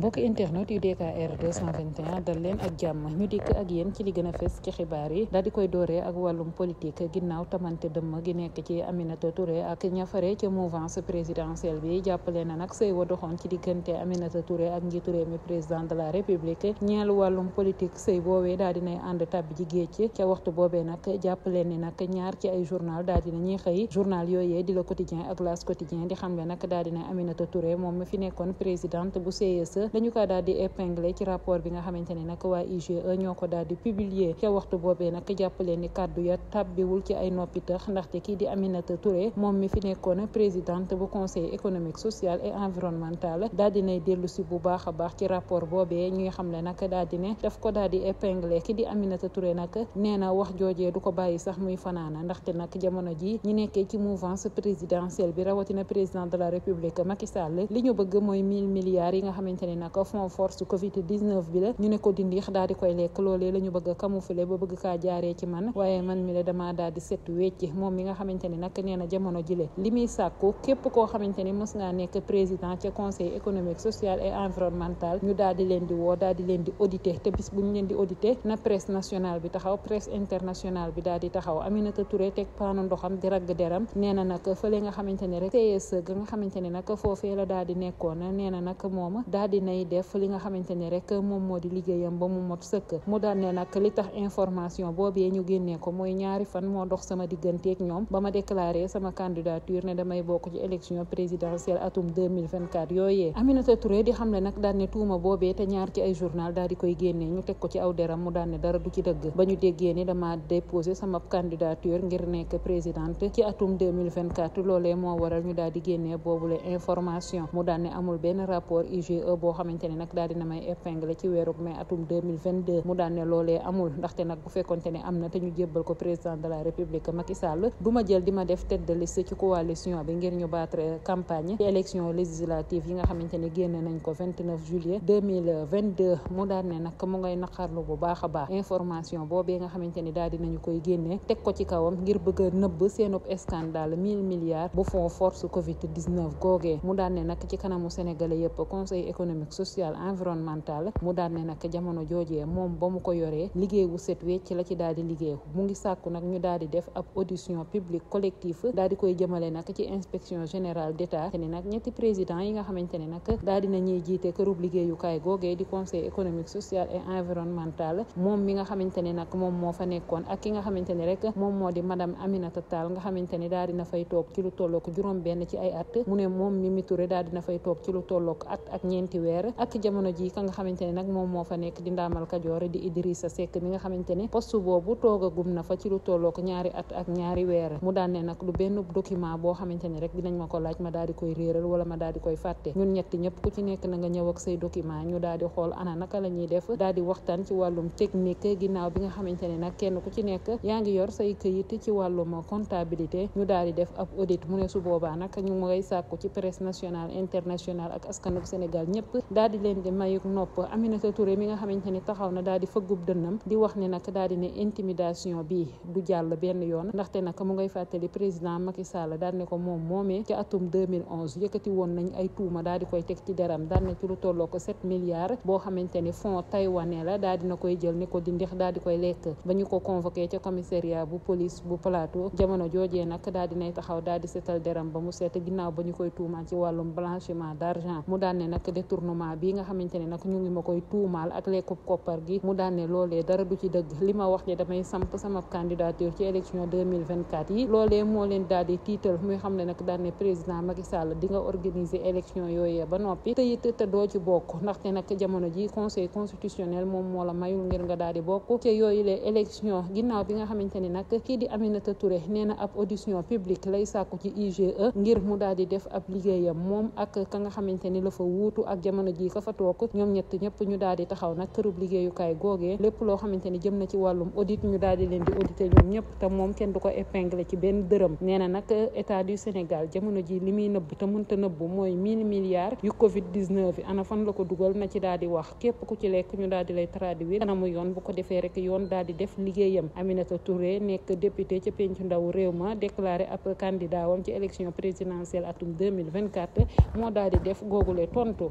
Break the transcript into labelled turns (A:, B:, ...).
A: mbokk internet yu DKR 221 dal leen ak jàmm ñu dikk ak yéen ci li gën a fes ci xibaar yi daal di koy dooree ak wàllum politique ginnaaw tamante dëmm gi nekk ci Aminata Touré ak ñafare ci mouvance présidentielle bi jàppale na nag sëy wa doxoon ci diggante Aminata Touré ak njiitu réew mi président de la république ñeel wàllum politique sëy boobee daal dinay ànd tàbbi ji géej ca waxtu boobee nag jàppale ni nag ñaar ci ay journal daal dina ñuy xëy journal yooyee di la quotidien ak las quotidien di xam ne nag daal dina Aminata Touré moom mi fi dañu ko daal di épinglé ci rapport bi nga xamante ne nag waa IGE ñoo ko daal di publier ca waxtu boobee nag jàppale ni kàddu ya tàbbiwul ci ay noppi tax ndaxte kii di Aminata Touré moom mi fi nekkoon présidente bu conseil économique social et environnemental daal di nay dellu si bu baax a baax ci rapport boobee ñuy xam ne nag daal di ne ko daal di épinglé ki di Aminata Touré nag nee na wax joojee du ko bàyyi sax muy fanaana ndaxte nag jamono ji ñu nekkee ci mouvance présidentielle bi rawatina président la république Macky Sall li bëgg mooy mille milliards yi nga xamante nag fond force covid 19 bi la ñu ne ko dindiix daal di koy lekk loolee la bëgg a camoufler ba bëgg kaa jaaree ci man waaye man mi la damaa daal di set moom mi nga xamante ni nag jamono jile li muy sàkku képp koo xamante ni mës nekk président ca conseil économique social et environnemental ñu daal leen di woo daal leen di auditer te bis bu ñu leen di auditer na presse nationale bi taxaw presse internationale bi daal taxaw Aminata Touré teg nay def li nga xamante ne rek moom moo di liggéeyam ba mu mot sëkk damay bokk ci élection présidentielle atum 2024 yooyee Aminata Touré di xam ne nag daal ne tuuma boobee te ñaar ci ay journal daal di koy génnee ñu teg ko ci aw deram mu daal ne dara du ci dëgg ba ñu déggee ni dama déposé sama candidature ngir nekk présidente ci atum 2024 moo waral ñu daal di génnee boobule information mu daal ne amul benn rapport IGE boo xamante ne nag daal dina may épingle ci weeru mai atum 2022 mu daal ne loolee amul ndaxte nag bu di ma def tête de ngir ñu battre campagne ci élection législative yi nga xamante ne nañ ko juillet mu daal ne mu ngay naqarlu bu baax a baax information boobee nga xamante ne daal koy génnee teg ko ci kawam ngir bëgg a nëbb seenub scandale milliards bu fonds force covid 19 googee mu daal ne ci kanamu sénégalais yëpp conseil économique nag social environnemental mu daal ne nag jamono joojee moom ba mu ko yoree liggéey wu set wecc la ci daal di liggéey mu ngi sàkku nag ñu daal di def ab audition publique collectif daal di koy jëmale nag ci inspection générale d'état te ni nag ñetti président yi nga xamante ne nag daal dina ñuy jiite kërub liggéeyukaay googee di conseil économique social et environnemental moom mi nga xamante ne nag moom moo fa nekkoon ak ki nga xamante ne rek moom moo di madame Aminata Tall nga xamante ne daal dina fay toog ci lu tollook juróom benn ci ay at mu ne moom Mimi Touré daal dina fay toog ci lu tollook at ak maire ak jamono ji ka nga xamante ne nag moom moo fa nekk di ndaamal kajoor di Idrissa Seck mi nga xamante ne poste boobu toogagum na fa ci lu tollook ñaari at ak ñaari weer mu daan ne nag lu benn document boo xamante ne rek dinañ ma ko laaj ma daal di koy réeral wala ma daal di koy fàtte ñun ñett ñëpp ku ci nekk na nga ñëw ak say document ñu daal di xool ana naka la def daal di waxtaan ci wàllum technique ginnaaw bi nga xamante ne nag kenn ku ci nekk yaa ngi yor say këyit ci wàllum comptabilité ñu daal di def ab audit mu ne su boobaa nag ñu ngay sàkku ci presse national international ak askanuk Sénégal ñëpp daal di leen di mayuk nopp Aminata Touré mi nga xamante ni taxaw na daal di fëggub dënnam di wax ne nag daal di ne intimidation bi du jàll benn yoon ndaxte nak mu ngay fàttali président Macky Sall daal ne ko moom moomee ci atum 2011 yëkkati woon nañ ay tuuma daal di koy teg ci deram daal ne ci lu tolloo ko 7 milliards boo xamante ni fonds taïwanais la daal dina koy jël ni ko di ndex daal di koy lekk ba ñu ko convoqué ca commissariat bu police bu plateau jamono joojee nag daal nay taxaw daal di setal deram ba mu seet ginnaaw ba ñu koy tuumaan ci wàllum blanchiment d'argent gouvernement bi nga xamante ne nag ba noppi te it te doo ci bokk ndaxte nag jamono ji conseil constitutionnel moom moo la mayul ngir nga daal di bokk te yooyu les élection ginnaaw bi nga xamante nag kii di Aminata Touré nee ab audition publique lay sàkku ci IGE ngir mu daal di def ab liggéeyam moom ak ka nga xamante ni wuutu ak jamono jamono jii ka fa toog ñoom ñett ñëpp ñu daal di taxaw nag kërub liggéeyukaay googee lépp loo xamante ni jëm na ci wàllum audit ñu daal di leen di audité ñoom ñëpp te moom kenn du ko épinglé ci benn dërëm nee na nag état du Sénégal jamono ji li muy nëbb te mënta nëbb mooy mille milliards yu covid 19 bi ana fan la ko dugal na ci daal di wax képp ku ci lekk ñu daal di lay traduire kanamu yoon bu ko defee rek yoon daal di def liggéeyam Aminata Touré nekk député ca penc ndaw réew ma déclaré ab candidat wam ci élection présidentielle atum 2024 moo daal di def googule tontu